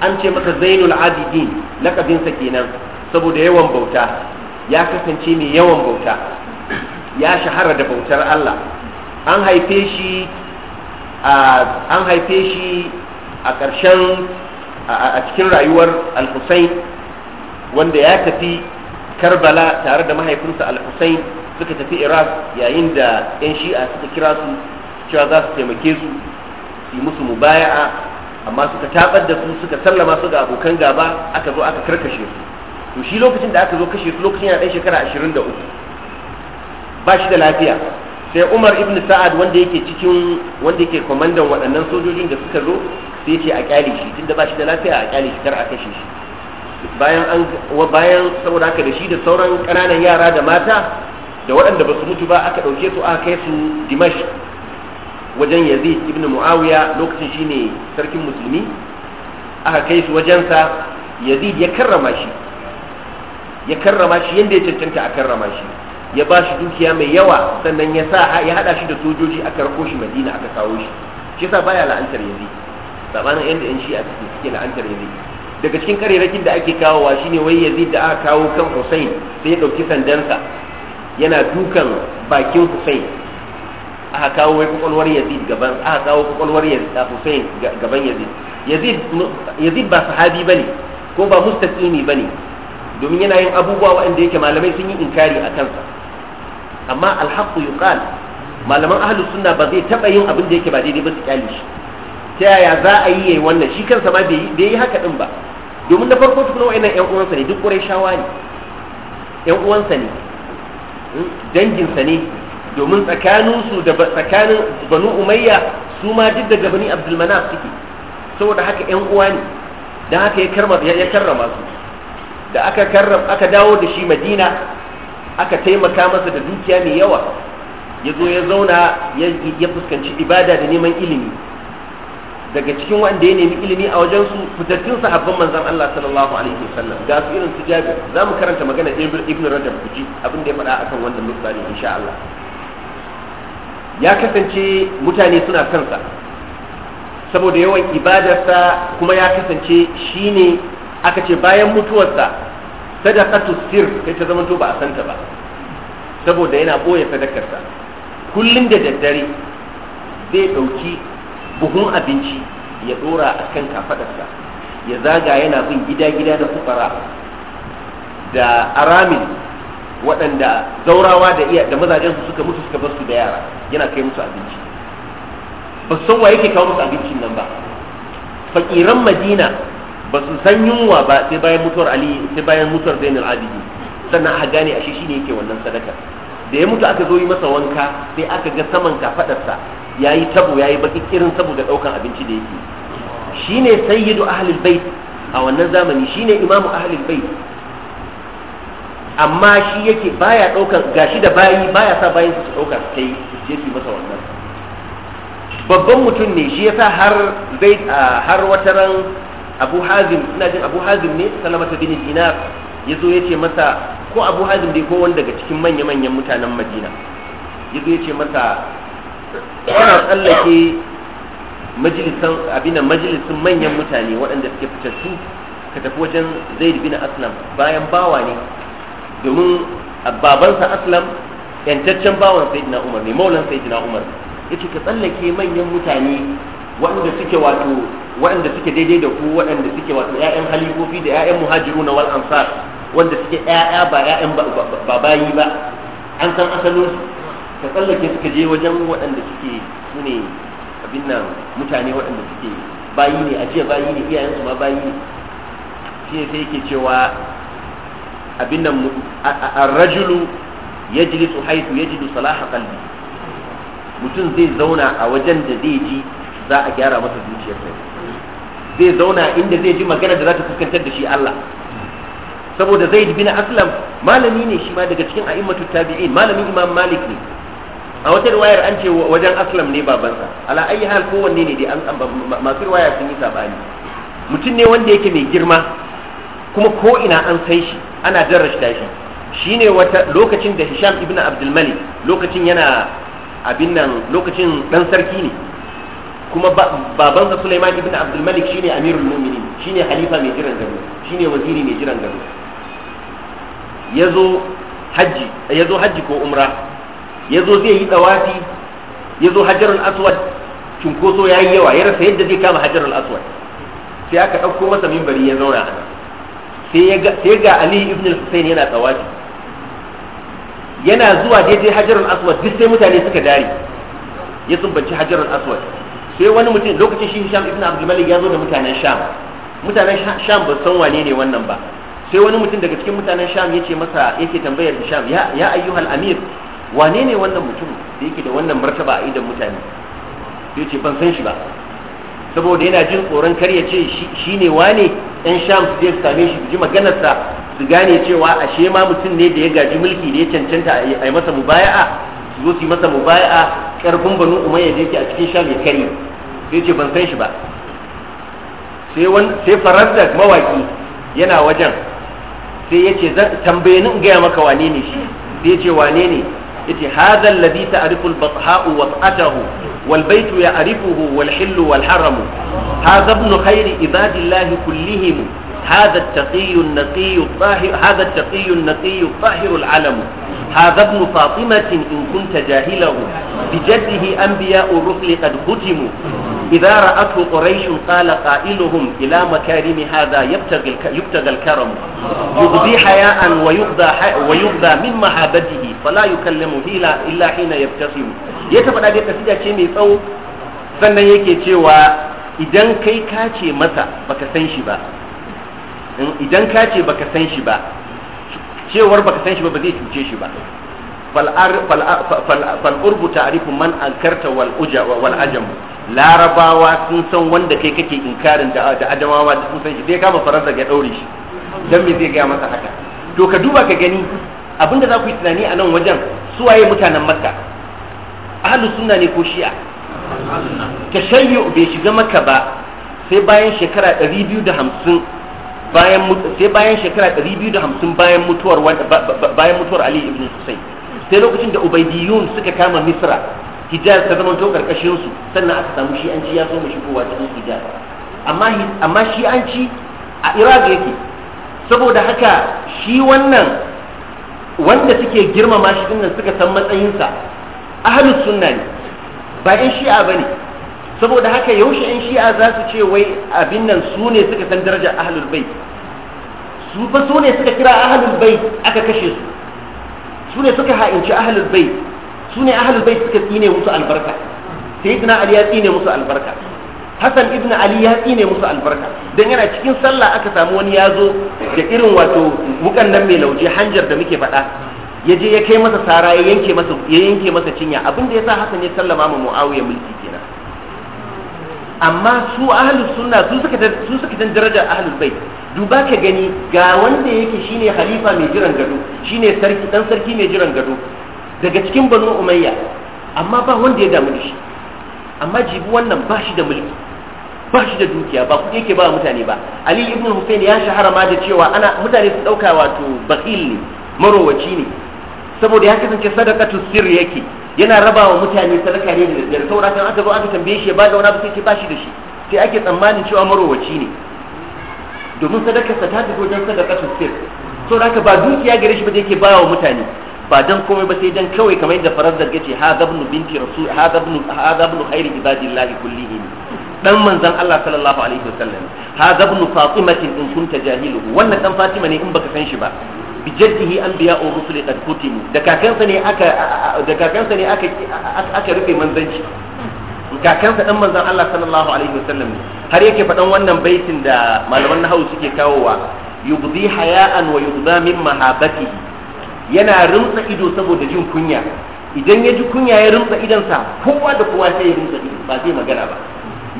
an ce masa zainul abidin lakabinsa kenan saboda yawan bauta ya kasance mai yawan bauta ya shahara da bautar Allah an haife shi an haife shi a ƙarshen a cikin rayuwar al-husayn wanda ya tafi karbala tare da mahaifinsa al-husayn suka tafi iraq yayin da 'yan shi'a suka kira su cewa za su taimake su su musu mubaya'a amma suka tabar da su suka sallama su ga abokan gaba aka zo aka karkashe su to shi lokacin da aka zo kashe su lokacin yana ɗan shekara 23 ba shi da lafiya sai umar ibn sa'ad wanda yake cikin wanda yake kwamandan waɗannan sojojin da suka zo sai ya ce a kyale shi tunda ba shi da lafiya a kyale shi kar a kashe shi bayan an bayan saboda haka da shi da sauran ƙananan yara da mata da waɗanda ba su mutu ba aka ɗauke su aka kai su dimash wajen yazid ibn muawiya lokacin shine sarkin musulmi aka kai su wajensa yazid ya karrama shi ya karrama shi yadda ya cancanta a karrama shi ya ba shi dukiya mai yawa sannan ya sa ya hada shi da sojoji aka rako shi madina aka kawo shi shi yasa baya la'antar yazid sabanin da yan shi a cikin suke la'antar yazid daga cikin karerakin da ake kawowa shine wai yazid da aka kawo kan Hussein sai ya dauki sandansa yana dukan bakin Hussein aka kawo wai kwakwalwar yazid gaban aka kawo kwakwalwar Hussein gaban yazid yazid yazid ba sahabi bane ko ba mustaqimi bane domin yana yin abubuwa waɗanda yake malamai sun yi inkari a kansa amma alhaqu yuqal malaman ahlu sunna ba zai taba yin abin da yake ba daidai ba su kyale shi ta yaya za a yi yayi wannan shi kansa ma bai yi haka din ba domin da farko tukuna wa'annan yan uwansa ne duk qurayshawa ne yan uwansa ne hmm? danginsa ne domin tsakaninsu da tsakanin banu umayya su ma duk daga bani abdul manaf suke saboda haka yan uwa ne dan haka ya karrama su da aka aka dawo da shi madina aka taimaka masa da dukiya mai yawa ya zo ya zauna ya fuskanci ibada da neman ilimi daga cikin wanda ya nemi ilimi a wajen su fitattun sahabban manzon Allah sallallahu alaihi wasallam ga su irin su Jabir zamu karanta magana Ibn Rajab kuji abin da ya faɗa akan wannan misali insha Allah ya kasance mutane suna kansa saboda yawan ibadarsa kuma ya kasance shine aka ce bayan mutuwarsa sadaqatu sir sai ta zama to ba a santa ba saboda yana boye sadakarsa kullum da daddare zai dauki buhun abinci ya dora a kan kafadarsa ya zaga yana bin gida-gida da fukara da aramin waɗanda zaurawa da iya da mazajensu suka mutu suka bar su da yara yana kai musu abinci ba san wa yake kawo musu abincin nan ba fakiran madina ba su san yunwa ba sai bayan mutuwar ali sai bayan mutuwar zainul abidin sannan aka gane shi shine yake wannan sadaka da ya mutu aka zo yi masa wanka sai aka ga saman kafadarsa yayi tabo yayi baki kirin saboda daukan abinci da yake shine sayyidu ahlul bait a wannan zamani shine imamu ahlul bait amma shi yake baya daukan gashi da bayi baya sa bayin su dauka su kai je su masa wannan babban mutum ne shi yasa har zai har wataran. ran abu hazim ina jin abu hazim ne ta bin dinar ya zo ya ce masa ko abu hazim dai ko wanda daga cikin manya-manyan mutanen madina ya zo ya ce masa kana tsallake majalisan abinan majalisin manyan mutane waɗanda suke fitattu ka tafi wajen zaid bin aslam bayan bawa ne domin babansa aslam yantaccen bawan sayyidina umar ne maulan sayyidina umar yace ka tsallake manyan mutane waɗanda suke wato waɗanda suke daidai da ku waɗanda suke wato ƴaƴan halifofi da ƴaƴan na wal ansar wanda suke ƴaƴa ba ƴaƴan ba bayi ba an san asalin su ka tsallake suka je wajen waɗanda suke su ne abin nan mutane waɗanda suke bayi ne a jiya bayi ne iyayen su ma bayi ne shi ne sai yake cewa abin nan ar-rajulu yajlisu haythu yajidu salaha qalbi mutum zai zauna a wajen da zai ji za a gyara masa zuciyarsa zai zauna inda zai ji magana da za ta fuskantar da shi Allah saboda zaid bin aslam malami ne shi ma daga cikin a'immatu tabi'in malamin imam malik ne a wata riwayar an ce wajen aslam ne babansa ala ayi hal kowanne ne dai an masu riwaya sun yi sabani mutum ne wanda yake mai girma kuma ko ina an sai shi ana darrashta shi shine wata lokacin da hisham ibnu abdul malik lokacin yana abin nan lokacin dan sarki ne kuma babansa Sulaiman ibn Abdul Malik shine Amirul Mu'minin shine halifa mai jiran gado shine waziri mai jiran gado yazo haji yazo haji ko umra yazo zai yi dawafi yazo Hajarul Aswad cunkoso yayi yawa ya rasa yadda zai kama Hajarul Aswad sai aka dauko masa minbari ya zauna a sai ya ga sai ga Ali ibn Hussein yana tsawaci yana zuwa daidai Hajarul Aswad duk sai mutane suka dare ya sumbanci Hajarul Aswad sai wani mutum lokacin shi sham ibn Abdul Malik ya zo da mutanen Sham mutanen Sham ba san wane ne wannan ba sai wani mutum daga cikin mutanen Sham yace masa yake tambayar sham ya ya ayyuhal amir wane ne wannan mutum da yake da wannan martaba a idan mutane yace ban san shi ba saboda yana jin tsoron kar ya ce shi ne wane ɗan sham su je su same shi su ji maganarsa su gane cewa ashe ma mutum ne da ya gaji mulki da ya cancanta a yi masa mubaya'a su zo su yi masa mubaya'a karfin banu umayya da yake a cikin sham ya sai ce ban san shi ba sai wani sai mawaki yana wajen sai ya ce tambaye ni in gaya maka wane ne shi sai ya ce wane ne ya ce hadha alladhi ta'rifu al-batha'u wa sa'atahu wal baytu ya'rifuhu wal hillu wal haramu hadha ibn khairi ibadillahi kullihim hada taƙiyun النقي الطاهر هذا هذا ابن فاطمة إن كنت جاهله بجده أنبياء الرسل قد ختموا إذا رأته قريش قال قائلهم إلى مكارم هذا يبتغي يبتغى الكرم يغضي حياء ويغضى ويغضى من محابته فلا يكلمه إلا حين يبتسم يتبع ذلك سيدة كمي فو sannan yake cewa idan kai ka ce masa baka san shi ba idan ka ce baka san shi ba cewar baka san shi ba ba zai cuce shi ba fal'urbu ta'arifu man ankarta wal uja wal ajamu larabawa sun san wanda kai kake inkarin da adamawa sun san shi Zai kama faransa ga daure shi dan me zai gaya masa haka to ka duba ka gani abinda za ku yi tunani a nan wajen suwaye mutanen makka ahlus sunna ne ko shi'a tashayyu bai shiga maka ba sai bayan shekara 250 bayan sai bayan shekara 250 bayan mutuwar bayan mutuwar Ali ibn Husayn sai lokacin da Ubaydiyun suka kama Misra Hijaz ta zama to karkashin su sannan aka samu shi an ci ya so mu shigowa cikin Hijaz amma amma shi an ci a Iraq yake saboda haka shi wannan wanda suke girmama shi dinnan suka san matsayinsa ahlus sunna ne ba in shi'a bane saboda haka yaushe in shi'a za su ce wai abin nan su ne suka san darajar ahalul bai su fa su ne suka kira ahalul bai aka kashe su su ne suka ha'inci ahalul bai su ne ahalul bai suka tsine musu albarka sayyidina ali ya tsine musu albarka hasan ibn ali ya tsine musu albarka dan yana cikin sallah aka samu wani ya zo da irin wato wukan nan mai lauje hanjar da muke faɗa ya je ya kai masa sara ya yanke masa ya yanke masa cinya abinda ya sa hasan ya sallama ma muawiya mulki kenan amma su ahlus sunna su suka su suka dan darajar ahlul bait duba ka gani ga wanda yake shine khalifa mai jiran gado shine sarki dan sarki mai jiran gado daga cikin banu umayya amma ba wanda ya damu shi amma jibi wannan ba da mulki ba da dukiya ba kuɗi yake ba mutane ba ali ibn hussein ya shahara ma da cewa ana mutane su ɗauka wato bakil ne marowaci ne saboda ya kasance sadakatu sirri yake yana raba wa mutane sadaka ne da daddare saboda kan aka zo aka tambaye shi ya bada wani abu sai ce ba shi da shi sai ake tsammanin cewa marowaci ne domin sa ta tafi sadaka sadakatun sir saboda ka ba dukiya gare shi ba da yake bawa wa mutane ba dan komai ba sai dan kawai kamar yadda farar da ce ha zabnu binti rasul ha zabnu ha zabnu khairi ibadillahi kullihim dan manzon Allah sallallahu alaihi wasallam ha zabnu fatimatin in kunta jahilu wannan dan fatima ne in baka san shi ba bi anbiya anbiya'ur rusuli da kutimu da kakansa ne aka da kakansa ne aka aka rufe manzanci kakansa dan manzon Allah sallallahu alaihi wasallam ne har yake faɗan wannan baitin da malaman nahawu suke kawowa yubdi haya'an wa yubda min mahabatihi yana rumtsa ido saboda jin kunya idan ya ji kunya ya rumtsa idansa kowa da kowa sai ya rumtsa ido ba zai magana ba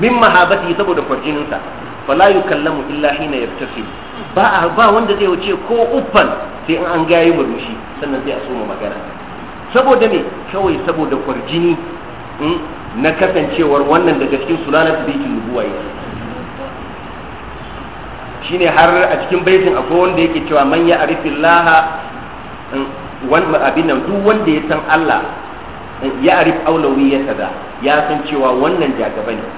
min mahabati saboda kwarjininsa fala yukallamu illa hina yabtasim ba a ba wanda zai wuce ko uffan sai in an gayi murmushi sannan sai a soma magana saboda me kawai saboda kwarjini hmm, na kasancewar wannan daga cikin sulalatu baitin nubuwa Shi ne har a cikin baitin akwai wanda yake cewa man ya hmm, wani abin nan duk wanda ya san Allah hmm, ya arif ya tada ya san cewa wannan jagaba ne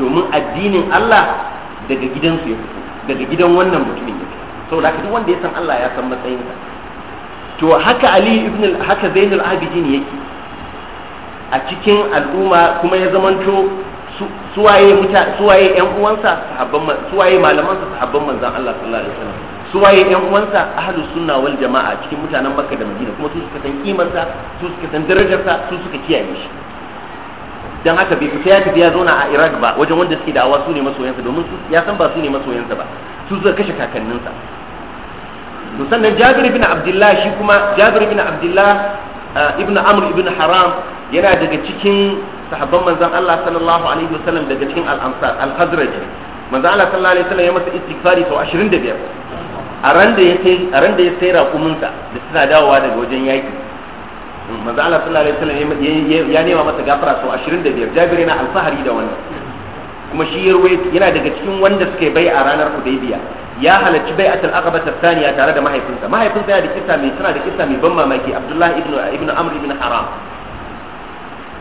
domin addinin Allah daga gidansu ya fito daga gidan wannan mutumin ya saboda haka duk wanda ya san Allah ya san matsayinsa to haka Ali ibn haka Zainul Abidin yake a cikin al'umma kuma ya zamanto suwaye muta suwaye ƴan uwansa sahabban suwaye malaman sa sahabban manzon Allah sallallahu alaihi wasallam suwaye ƴan uwansa ahlu sunna wal jamaa cikin mutanen Makka da Madina kuma su suka san kimarsa su suka san darajarsa su suka kiyaye shi dan haka bai fita ya tafi ya zauna a Iraq ba wajen wanda suke da'awa su ne masoyansa domin su ya san ba su ne masoyansa ba su zuwa kashe kakanninsa to sannan Jabir ibn Abdullah shi kuma Jabir ibn Abdullah uh, ibn Amr ibn Haram yana daga cikin sahabban manzon Allah sallallahu alaihi wasallam daga cikin al-Ansar al-Hazraj manzon Allah sallallahu alaihi wasallam ya masa istighfari sau 25 a ran da ya sai a ran da ya sai raƙuminsa da suna dawowa daga wajen yaki manzo Allah sallallahu alaihi wasallam ya nema masa gafara sau 25 Jabir yana alfahari da wannan kuma shi yana daga cikin wanda suka bai a ranar Hudaybiya ya halarci bai atal aqaba tsaniya tare da mahaifinsa mahaifinsa yana da kissa mai tana da kissa mai ban mamaki Abdullah ibn ibn Amr ibn Haram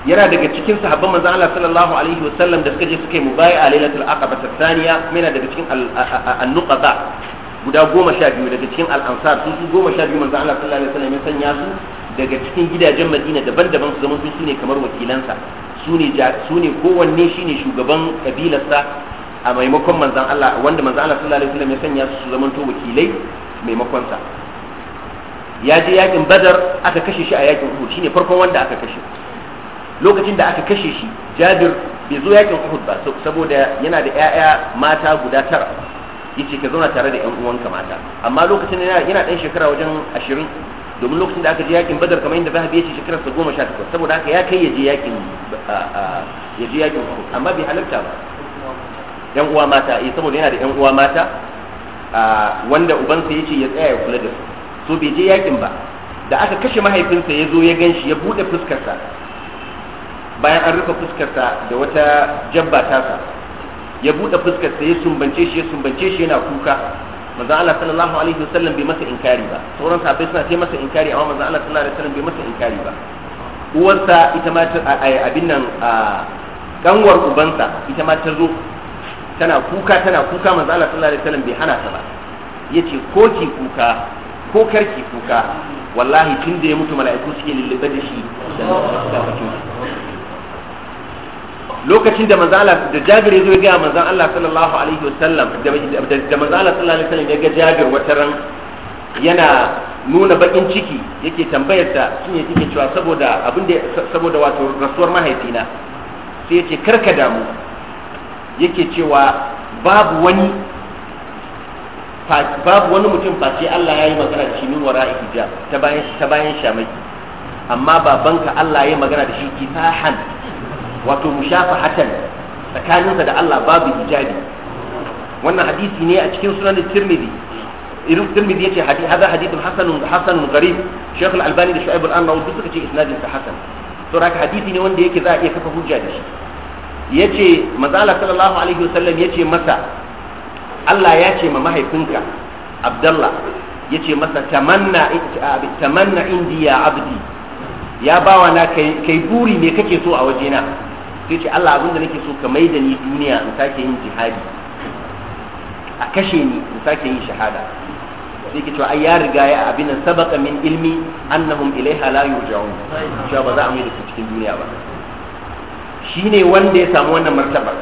yana daga cikin sahabban manzo Allah sallallahu alaihi wasallam da suka je suka yi mubai'a lailatul aqaba tsaniya kuma yana daga cikin an-nuqata guda goma sha biyu daga cikin al-ansar su goma sha biyu manzo Allah sallallahu alaihi wasallam ya sanya su daga cikin gidajen madina daban-daban su zama su ne kamar wakilansa su ne kowanne shi ne shugaban kabilarsa a maimakon manzan Allah wanda manzan Allah sallallahu alaihi wasallam ya sanya su su zama to wakilai maimakon sa ya je yakin badar aka kashe shi a yakin uhud shine farkon wanda aka kashe lokacin da aka kashe shi jabir bai zo yakin uhud ba saboda yana da 'ya'ya mata guda tara yace ka zauna tare da yan uwanka mata amma lokacin yana yana dan shekara wajen 20 domin lokacin da aka je yakin badar kamar yadda zahabi yace shekarar sa 18 saboda haka ya kai ya je yakin yaje yakin amma bai halarta ba yan uwa mata eh saboda yana da yan uwa mata wanda ubansa yace ya tsaya ya kula da su so bai je yakin ba da aka kashe mahaifinsa ya zo ya ganshi ya bude fuskarsa bayan an rufe fuskarsa da wata jabba tasa ya buɗe fuskar sa ya sumbance shi ya sumbance shi yana kuka manzo Allah sallallahu alaihi wasallam bai masa inkari ba sauran sahabbai suna sai masa inkari amma manzo Allah sallallahu alaihi wasallam bai masa inkari ba uwarsa ita ma ta abin nan kanwar ubansa ita ma ta zo tana kuka tana kuka manzo Allah sallallahu alaihi wasallam bai hana ta ba yace ko ki kuka ko karki kuka wallahi tun da ya mutu mala'iku suke lullube da shi da lokacin da manzo Allah da Jabir ya zo ya ga manzo Allah sallallahu alaihi wasallam da manzo Allah sallallahu alaihi wasallam ya ga Jabir wata ran yana nuna bakin ciki yake tambayar ta shine yake cewa saboda abin da saboda wato rasuwar mahaifina sai yace karka damu yake cewa babu wani babu wani mutum face Allah ya yi magana da shi min wara hijab ta bayan ta bayan shamaki amma babanka Allah ya yi magana da shi kifahan wato Hatan, tsakaninsa da Allah babu hijabi wannan hadisi ne a cikin sunan Tirmidhi irin Tirmidhi yace hadisi hada hadithun hasanun hasanun gharib Sheikh Al-Albani da Shu'aib Al-Annawi duk suka ce isnadin sa hasan to raka hadisi ne wanda yake za a iya kafa hujja da shi yace manzo Allah sallallahu alaihi wasallam yace masa Allah ya ce ma mahaifinka Abdullah ya ce masa tamanna tamanna indi abdi ya bawa na kai buri ne kake so a wajena sai ce Allah abinda nake so ka mai da ni duniya in sake yin jihadi a kashe ni in sake yin shahada sai ke cewa ai ya riga ya abin nan sabaka min ilmi annahum ilaiha la yurja'un cewa ba za a mai da su cikin duniya ba shine wanda ya samu wannan martaba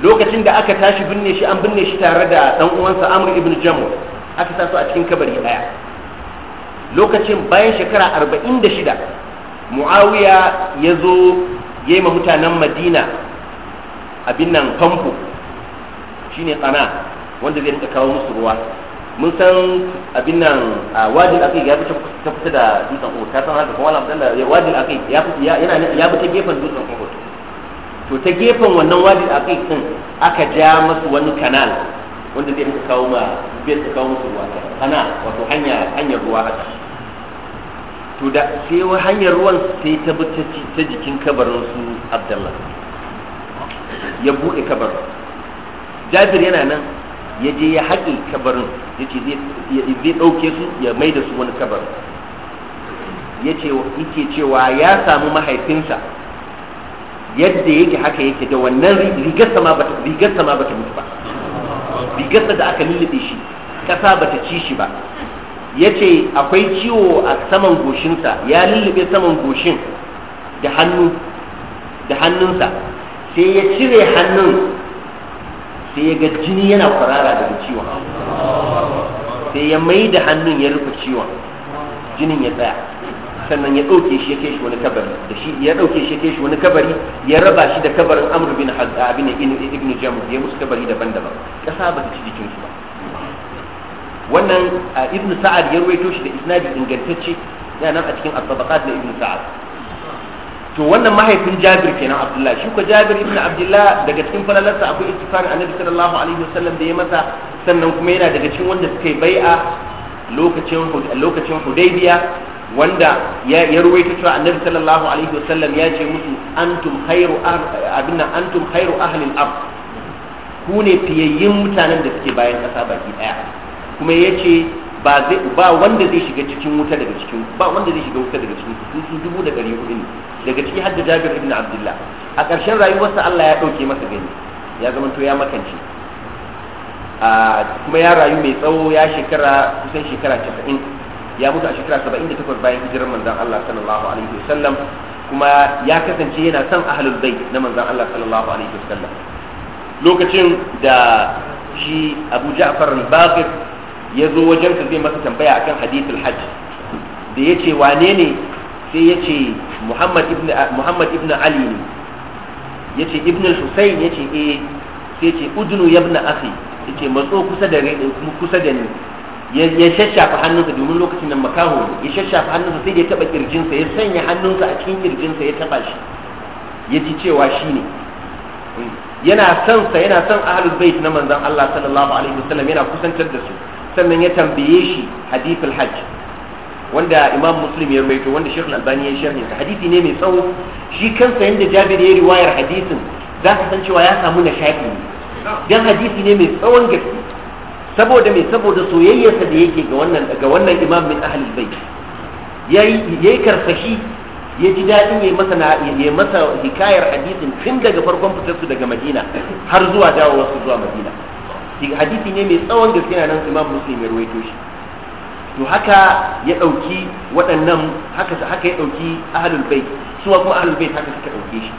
lokacin da aka tashi binne shi an binne shi tare da dan uwansa Amr ibn Jamu aka sa su a cikin kabari daya lokacin bayan shekara 46 Muawiya ya zo ya yi ma mutanen madina abin nan famfo shine tsana wanda zai rinka kawo musu ruwa mun san abin nan a wajin akai ya fita ta fita da dutsen uhud ta san haka kuma wala abdalla ya wajin akai ya yana ya fita gefen dutsen uhud to ta gefen wannan wajin akai din aka ja masu wani kanal wanda zai rinka kawo ma zai kawo musu ruwa kana wato hanya hanyar ruwa haka to da sai hanyar ruwan sai ta bi ta jikin kabarin su abdullah ya buɗe kabarin jabir yana nan ya je ya haƙe kabarin ya ce zai ɗauke su ya mai da su wani kabarin ya ce yake cewa ya samu mahaifinsa yadda yake haka yake da wannan rigarsa ma bata rigarsa ma bata mutu ba rigarsa da aka lullube shi ƙasa bata ci shi ba ya ce akwai ciwo a saman goshinsa ya lullube saman goshin da hannu da hannunsa sai ya cire hannun sai ya ga jini yana kwarara daga ciwon sai ya mai da hannun ya rufe ciwon jinin ya tsaya sannan ya ɗauke shi ya kai shi wani kabari da shi ya ɗauke shi ya kai shi wani kabari ya raba shi da kabarin amru bin hazza bin ibn jamu ya musu kabari daban-daban ƙasa ba ta ci jikinsu ba wannan ibn sa'ad ya ruwaito shi da isnadi ingantacce yana nan a cikin at-tabaqat na ibn sa'ad to wannan mahaifin Jabir kenan Abdullah shi ko Jabir ibn Abdullah daga cikin falalarsa akwai ittifaq Annabi sallallahu alaihi wasallam da ya masa sannan kuma yana daga cikin wanda suka yi bai'a lokacin lokacin Hudaybiya wanda ya ya ruwaito cewa Annabi sallallahu alaihi wasallam ya ce musu antum khairu ah-, abinna antum khairu ahli al-ard ku ne fiyayyin mutanen da suke bayan kasa baki daya kuma yace ba zai ba wanda zai shiga cikin wuta daga cikin ba wanda zai shiga wuta daga cikin su su dubu da ɗari hudu ne daga ciki hadda Jabir ibn Abdullah a ƙarshen rayuwarsa Allah ya ɗauke masa gani ya zama to ya makance a kuma ya rayu mai tsawo ya shekara kusan shekara casa'in ya mutu a shekara da takwas bayan hijirar manzan Allah sallallahu alaihi wasallam kuma ya kasance yana son halin bai na manzan Allah sallallahu alaihi wasallam lokacin da shi Abu Ja'far al-Baqir ya zo wajen ka zai masa tambaya akan hadithul hajj da ya ce wane ne sai ya ce muhammad ibn ali ne ya ce ibn al-husayn ya ce e sai ce udunu ya ibn akhi ya ce matso kusa da kusa da ni ya shashafa hannunsa domin lokacin nan makaho ya shashafa hannunsa sai da ya taba kirjinsa ya sanya hannunsa a cikin kirjinsa ya taba shi ya ji cewa shi ne yana son sa yana son ahlul bait na manzon Allah sallallahu alaihi wasallam yana kusantar da su sannan ya tambaye shi hadithul hajj wanda imam muslim ya rawaito wanda shekul albani ya sharhi ta hadisi ne mai tsawo shi kansa yanda jabir ya riwayar hadisin za ka san cewa ya samu nashaki ne dan hadisi ne mai tsawon gaske saboda mai saboda soyayyarsa da yake ga wannan ga wannan imam min ahlul bait yayi yayi karsashi ya ji daɗin ya masa ya masa hikayar hadisin tun daga farkon fitarsu daga Madina har zuwa dawowarsu zuwa Madina hadisi ne mai tsawon gaske na nan imam muslim ya ruwaito shi to haka ya ɗauki waɗannan haka haka ya ɗauki ahlul bait su kuma ahlul bait haka suka ɗauke shi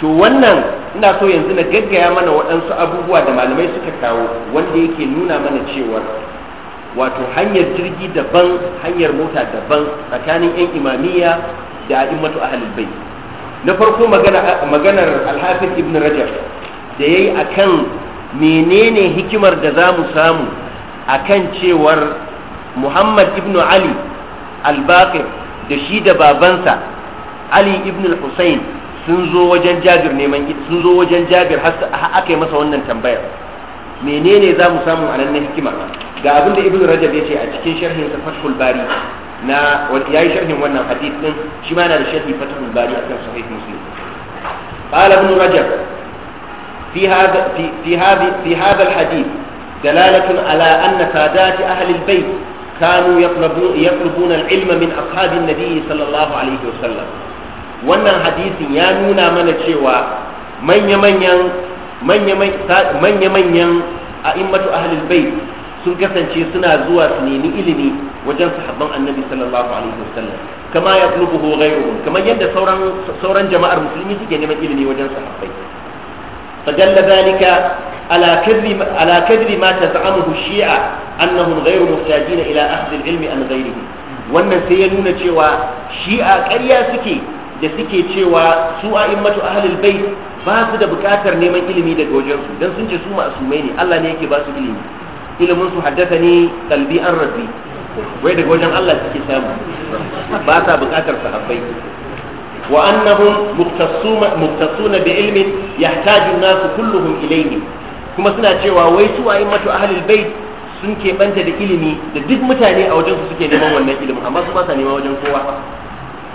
to wannan ina so yanzu na gaggaya mana waɗansu abubuwa da malamai suka kawo wanda yake nuna mana cewa wato hanyar jirgi daban hanyar mota daban tsakanin yan imamiyya da a'immatu ahlul bait na farko magana maganar alhafiz ibn rajab da yayi akan menene hikimar da za mu samu a kan cewar muhammad ibn ali al-baqir da shi da babansa ali ibn al-husayn sun zo wajen jabir neman sun zo wajen jabir har aka yi masa wannan tambayar menene za mu samu a nan na hikima ga abin da ibn rajab ya ce a cikin sharhin sa fathul bari na ya yi sharhin wannan hadith din shi ma yana da sharhi fathul bari akan sahih muslim qala ibn rajab في هذا في في هذه في هذا الحديث دلالة على أن سادات أهل البيت كانوا يطلبون يطلبون العلم من أصحاب النبي صلى الله عليه وسلم wannan hadisin ya nuna mana cewa manya-manyan manya a immatu ahlul bait sun kasance suna zuwa su nemi ilimi wajen sahabban annabi sallallahu alaihi wasallam kama ya tulubuhu ghayruhum kamar yadda sauran sauran jama'ar musulmi suke neman ilimi wajen sahabbai فدل ذلك على كذب على كذب ما تزعمه الشيعة أنهم غير محتاجين إلى أخذ العلم عن غيره wannan sai ya nuna cewa shi'a ƙarya suke da suke cewa su a immatu ahlul bait ba su da buƙatar neman ilimi daga wajensu dan sun ce su ma'asumai ne Allah ne yake ba su ilimi ilimin su haddasa ne kalbi an rabbi wai daga wajen Allah suke samu ba sa buƙatar sahabbai وأنهم مختصون بعلم يحتاج الناس كلهم إليه كما سنة جوا ويسو أئمة أهل البيت sun keɓanta da ilimi da duk mutane a wajensu suke neman wannan ilimin amma su ba neman wajen kowa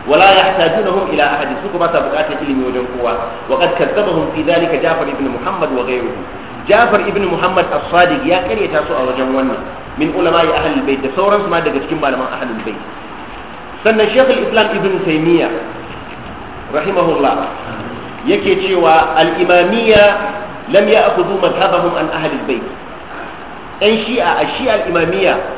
wala yahtajunahum ila ahadi su ba sa buƙatar ilimi wajen kowa wa qad kazzabahum fi dhalika Ja'far ibn Muhammad wa Ja'far ibn Muhammad as-Sadiq ya karyata su a wajen wannan min ulama ya ahlul da sauransu daga cikin malaman ahlul sannan Sheikh islam ibn Taymiyyah rahimahullah yake cewa al-imamiyya lam ya'khudhu madhhabahum an ahli al yan shi'a a shi al-imamiyya